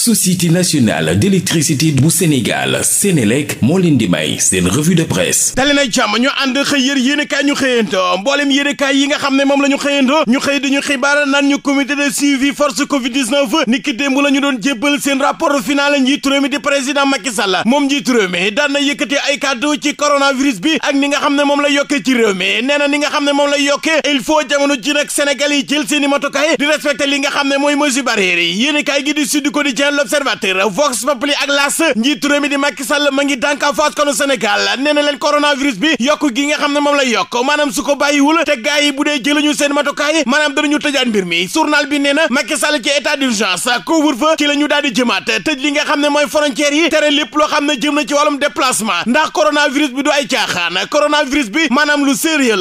société nationale d'électricité bu Sénégal Sénélec moo leen di may seen revue de presse dali jàmm ñu ànd xëy yër yéenekaay ñu xëyanto mbooleem yéenekaay yi nga xam ne moom la ñu ñu xëy di ñu xibaar naan ñu comité de suivi force covid 19 niki démb la ñu doon jébbal seen rapport final njiitu réew di président Macky moom njiitu daan na yëkkati ay kàddu ci coronavirus bi ak ni nga xam ne moom la yokkee ci réew mi nee na ni nga xam ne moom la yokkee il faut jamono ji nag Sénégal yi mooy mesures quotidien l'observateur vox populi ak las njiitu di Macky Sall ma ngi dànkaafu askanu Sénégal nee na leen bi yokk gi nga ne moom la yokk maanaam su ko bàyyiwul te gars bu dee jëluñu seen matukaay maanaam danañu tëjaat mbir mi journal bi nee na ci état d'urgence couvre-feu ci la ñu daal di tëj li nga ne mooy frontières yi tere lépp loo xam ne jëm na ci wàllum déplacement ndax coronavirus bi du ay caaxaan coronavirus bi maanaam lu sérieux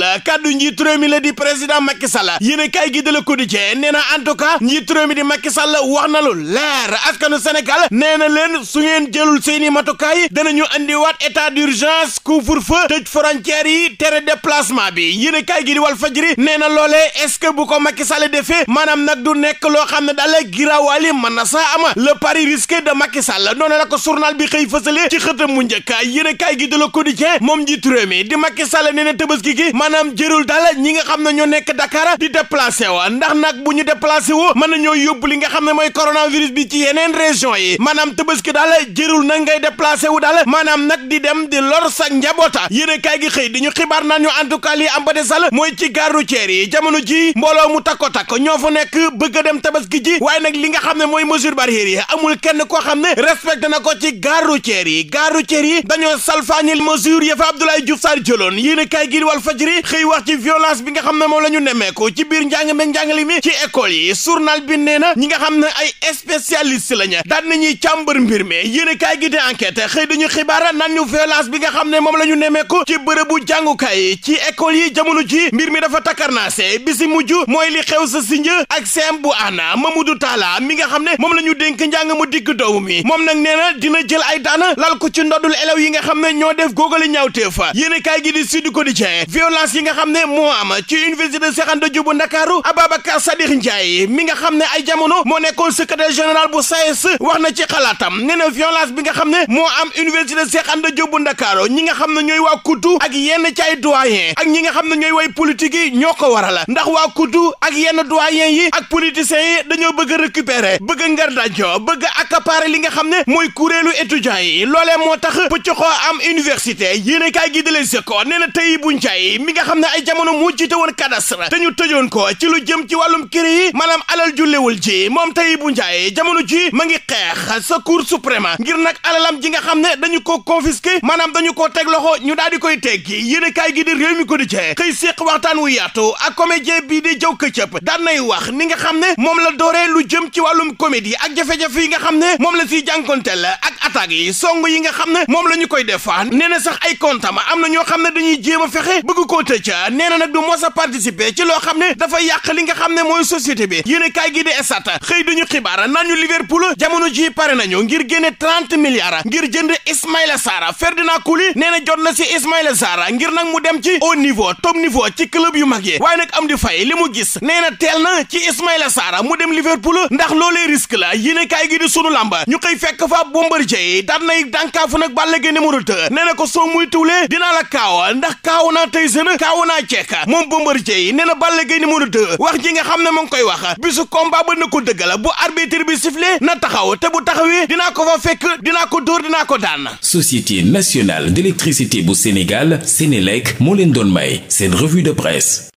a askanu Sénégal nee na leen su ngeen jëlul seeni matukaay ñu danañu andiwaat état d'urgence couvre-feu tëj frontières yi tere déplacement bi yéen kaay gi di Walf Fadjri nee na loolee est-ce que bu ko Macky Sall defee maanaam nag du nekk loo xam ne daal giraawaali mën na saa ama le pari risqué de Macky Sall noonu la ko journal bi xëy fësale ci xëtam mu njëkk yéen kaay gi di Le Quotidien moom njiitu réew di Macky Sall nee na Tabaski gi maanaam jërul daal ñi nga xam ne ñoo nekk Dakar di déplacé wa nag bu ñu déplacé woo mën nañoo yóbbu li nga xam ne mooy coronavirus yeneen région yi jërul na ngay déplacé wu daal maanaam nag di dem di lor sa njaboota yéen a kaay gi xëy di ñu xibaar naan ñu en tout cas lii am ba desal mooy ci gare routière yi jamono ji mbooloo takko takk ñoo nekk bëgg dem tabaski ji waaye li nga xam ne mooy mesure barrière yi amul kenn koo xam ne respecté na ko ci gare routière yi gare routière yi dañoo salfaañil mesure ya fa Abdoulaye Diouf Sarr jëloon yéen a kaay gi wal fajri xëy wax ci violence bi nga xam lañu daan nañuy càmbar mbir mi yéen a kaay gi di enquête xëy dañu xibaara nan ñu violence bi nga xam ne moom la ñu nemmeeku ci bërëbu jàngukaay yi ci école yi jamono ji mbir mi dafa takkarnaase bi si mujj mooy li xew sa sinj ak sem bu ana Mamadou Talla mi nga xam ne moom la ñu dénk njàng mu digg doomu mi moom nag nee na dina jël ay daan lal ko ci ndodul élèves yi nga xam ne ñoo def góogale ñaawteef yéen a kaay gi di Sud Quotidien yi nga xam ne moo am ci université Cheikh Anta Diop bu Ndakaaru Ababacar Sadikh mi nga xam ne ay jamono moo nekkoon secrétaire général bu say UCS wax na ci xalaatam nee na violence bi nga xam ne moo am université Cheikh Anta bu Ndakaaru ñi nga xam ne ñooy waa kuddu ak yenn ci ay doyen ak ñi nga xam ne ñooy way politique yi ñoo ko waral ndax waa kuddu ak yenn doyen yi ak politiciens yi dañoo bëgg a récupérer bëgg a ngar dajo bëgg a accaparer li nga xam ne mooy kuréelu étudiants yi loole moo tax pëccoxoo am université yéene kaay gi dalee sëkko nee na tey bu njaay mi nga xam ne ay jamono moo jiite woon cadastre te ñu tëjoon ko ci lu jëm ci wàllum kër yi maanaam alal jullewul ji moom tey bu njaay jamono ji ma ngi xeex sa cour suprême ngir nag alalam ji nga xam ne dañu ko confisqué maanaam dañu ko teg loxo ñu daal di koy kii yéene kaay gi di réew mi ko di cee xëy séq waxtaan wu yaatu ak comédien bii di jëw këccëb daan nay wax ni nga xam ne moom la dooree lu jëm ci wàllum comédie ak jafe-jafe yi nga xam ne moom la siy la ak attaques yi song yi nga xam ne moom la ñu koy defaan ah nee na sax ay kontam am na ñoo xam ne dañuy jéem fexe bëgg koo tëj ah nee na nag du mos a participer ci loo xam ne dafa yàq li nga xam ne mooy société bi yéene kaay gi di esat xëy duñu xibaar jamono ji pare nañu ngir génne trente milliards ngir jënd Ismaïla Sarr Ferdinand Coly nee na jot na si Ismaïla saara ngir nag mu dem ci au niveau top niveau ci club yu mag yi waaye nag am di fay li mu gis nee na teel na ci Ismaïla Sarr mu dem Liverpool ndax loolee risque la ne kaay gi di sunu lamba ñu koy fekk fa Bombardier daan nay dànkaafu nag Balla Gaye numéro 2 nee na ko soo muy tuulee dinaa la kaaw ndax kaaw naa tey sën kaaw naa ceek moom Bombardier nee na Balla Gaye numéro 2 wax ji nga xam ne moo ngi koy wax bisu combat ba na ko dëggal bu arbitre bi sifflé na taxaw te bu taxawee dinaa ko fa fekk dinaa ko dóor dinaa ko daan. Société nationale d'électricité bu Sénégal Sénélec moo leen doon may seen revue de presse.